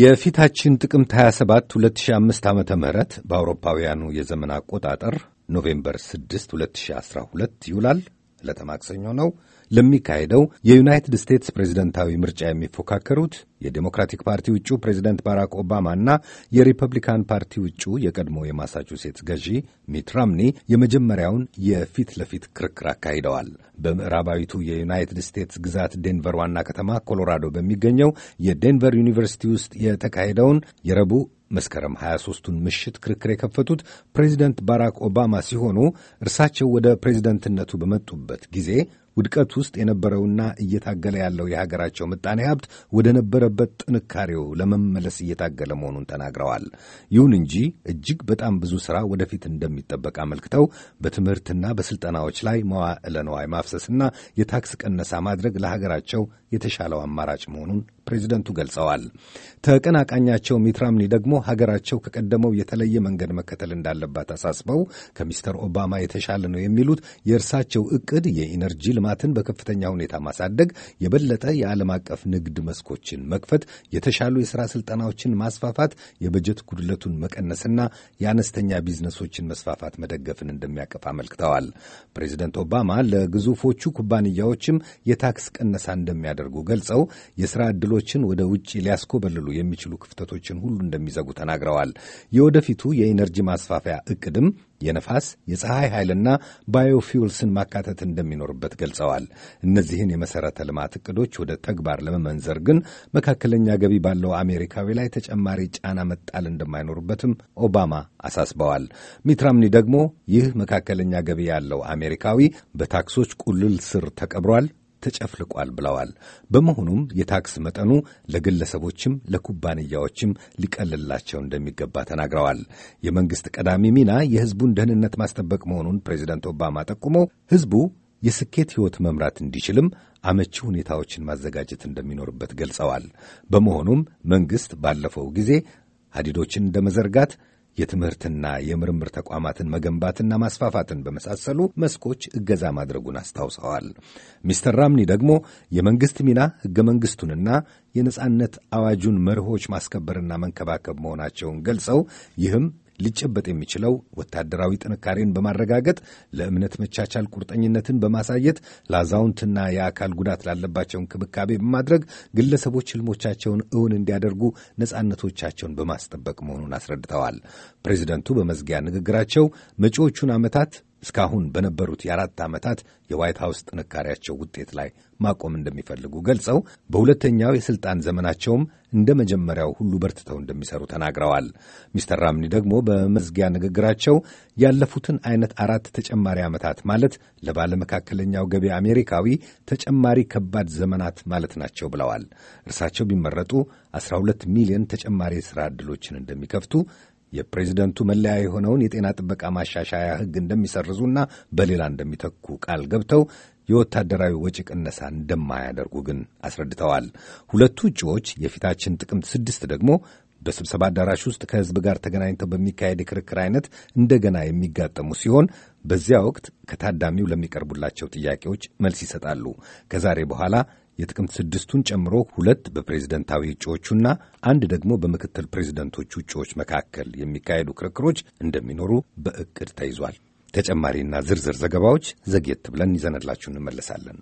የፊታችን ጥቅምት 27 2005 ዓ ምህረት በአውሮፓውያኑ የዘመን አቆጣጠር ኖቬምበር 6 2012 ይውላል። ዕለተ ማክሰኞ ነው ለሚካሄደው የዩናይትድ ስቴትስ ፕሬዝደንታዊ ምርጫ የሚፎካከሩት የዴሞክራቲክ ፓርቲ ውጩ ፕሬዝደንት ባራክ ኦባማና የሪፐብሊካን ፓርቲ ውጩ የቀድሞ የማሳቹሴትስ ገዢ ሚት ራምኒ የመጀመሪያውን የፊት ለፊት ክርክር አካሂደዋል። በምዕራባዊቱ የዩናይትድ ስቴትስ ግዛት ዴንቨር ዋና ከተማ ኮሎራዶ በሚገኘው የዴንቨር ዩኒቨርሲቲ ውስጥ የተካሄደውን የረቡዕ መስከረም 23ቱን ምሽት ክርክር የከፈቱት ፕሬዚደንት ባራክ ኦባማ ሲሆኑ እርሳቸው ወደ ፕሬዚደንትነቱ በመጡበት ጊዜ ውድቀት ውስጥ የነበረውና እየታገለ ያለው የሀገራቸው ምጣኔ ሀብት ወደ ነበረበት ጥንካሬው ለመመለስ እየታገለ መሆኑን ተናግረዋል። ይሁን እንጂ እጅግ በጣም ብዙ ሥራ ወደፊት እንደሚጠበቅ አመልክተው በትምህርትና በሥልጠናዎች ላይ መዋዕለ ነዋይ ማፍሰስና የታክስ ቀነሳ ማድረግ ለሀገራቸው የተሻለው አማራጭ መሆኑን ፕሬዚደንቱ ገልጸዋል። ተቀናቃኛቸው ሚትራምኒ ደግሞ ሀገራቸው ከቀደመው የተለየ መንገድ መከተል እንዳለባት አሳስበው ከሚስተር ኦባማ የተሻለ ነው የሚሉት የእርሳቸው እቅድ የኢነርጂ ልማትን በከፍተኛ ሁኔታ ማሳደግ፣ የበለጠ የዓለም አቀፍ ንግድ መስኮችን መክፈት፣ የተሻሉ የሥራ ሥልጠናዎችን ማስፋፋት፣ የበጀት ጉድለቱን መቀነስና የአነስተኛ ቢዝነሶችን መስፋፋት መደገፍን እንደሚያቀፍ አመልክተዋል። ፕሬዚደንት ኦባማ ለግዙፎቹ ኩባንያዎችም የታክስ ቅነሳ እንደሚያደርጉ ገልጸው የሥራ ዕድሎ ክልሎችን ወደ ውጭ ሊያስኮበልሉ የሚችሉ ክፍተቶችን ሁሉ እንደሚዘጉ ተናግረዋል። የወደፊቱ የኢነርጂ ማስፋፊያ እቅድም የነፋስ የፀሐይ ኃይልና ባዮፊውልስን ማካተት እንደሚኖርበት ገልጸዋል። እነዚህን የመሠረተ ልማት እቅዶች ወደ ተግባር ለመመንዘር ግን መካከለኛ ገቢ ባለው አሜሪካዊ ላይ ተጨማሪ ጫና መጣል እንደማይኖርበትም ኦባማ አሳስበዋል። ሚትራምኒ ደግሞ ይህ መካከለኛ ገቢ ያለው አሜሪካዊ በታክሶች ቁልል ስር ተቀብሯል ተጨፍልቋል ብለዋል። በመሆኑም የታክስ መጠኑ ለግለሰቦችም ለኩባንያዎችም ሊቀልላቸው እንደሚገባ ተናግረዋል። የመንግሥት ቀዳሚ ሚና የሕዝቡን ደህንነት ማስጠበቅ መሆኑን ፕሬዚደንት ኦባማ ጠቁመው ሕዝቡ የስኬት ሕይወት መምራት እንዲችልም አመቺ ሁኔታዎችን ማዘጋጀት እንደሚኖርበት ገልጸዋል። በመሆኑም መንግሥት ባለፈው ጊዜ ሀዲዶችን እንደመዘርጋት የትምህርትና የምርምር ተቋማትን መገንባትና ማስፋፋትን በመሳሰሉ መስኮች እገዛ ማድረጉን አስታውሰዋል። ሚስተር ራምኒ ደግሞ የመንግሥት ሚና ሕገ መንግሥቱንና የነጻነት አዋጁን መርሆች ማስከበርና መንከባከብ መሆናቸውን ገልጸው ይህም ሊጨበጥ የሚችለው ወታደራዊ ጥንካሬን በማረጋገጥ ለእምነት መቻቻል ቁርጠኝነትን በማሳየት ለአዛውንትና የአካል ጉዳት ላለባቸው እንክብካቤ በማድረግ ግለሰቦች ህልሞቻቸውን እውን እንዲያደርጉ ነጻነቶቻቸውን በማስጠበቅ መሆኑን አስረድተዋል። ፕሬዚደንቱ በመዝጊያ ንግግራቸው መጪዎቹን ዓመታት እስካሁን በነበሩት የአራት ዓመታት የዋይት ሀውስ ጥንካሬያቸው ውጤት ላይ ማቆም እንደሚፈልጉ ገልጸው በሁለተኛው የሥልጣን ዘመናቸውም እንደ መጀመሪያው ሁሉ በርትተው እንደሚሰሩ ተናግረዋል። ሚስተር ራምኒ ደግሞ በመዝጊያ ንግግራቸው ያለፉትን አይነት አራት ተጨማሪ ዓመታት ማለት ለባለመካከለኛው ገቢ አሜሪካዊ ተጨማሪ ከባድ ዘመናት ማለት ናቸው ብለዋል። እርሳቸው ቢመረጡ 12 ሚሊዮን ተጨማሪ የሥራ ዕድሎችን እንደሚከፍቱ የፕሬዚደንቱ መለያ የሆነውን የጤና ጥበቃ ማሻሻያ ሕግ እንደሚሰርዙና በሌላ እንደሚተኩ ቃል ገብተው የወታደራዊ ወጪ ቅነሳ እንደማያደርጉ ግን አስረድተዋል። ሁለቱ እጩዎች የፊታችን ጥቅምት ስድስት ደግሞ በስብሰባ አዳራሽ ውስጥ ከህዝብ ጋር ተገናኝተው በሚካሄድ የክርክር አይነት እንደገና የሚጋጠሙ ሲሆን በዚያ ወቅት ከታዳሚው ለሚቀርቡላቸው ጥያቄዎች መልስ ይሰጣሉ። ከዛሬ በኋላ የጥቅምት ስድስቱን ጨምሮ ሁለት በፕሬዝደንታዊ እጩዎቹና አንድ ደግሞ በምክትል ፕሬዝደንቶቹ እጩዎች መካከል የሚካሄዱ ክርክሮች እንደሚኖሩ በእቅድ ተይዟል። ተጨማሪና ዝርዝር ዘገባዎች ዘግየት ብለን ይዘንላችሁ እንመለሳለን።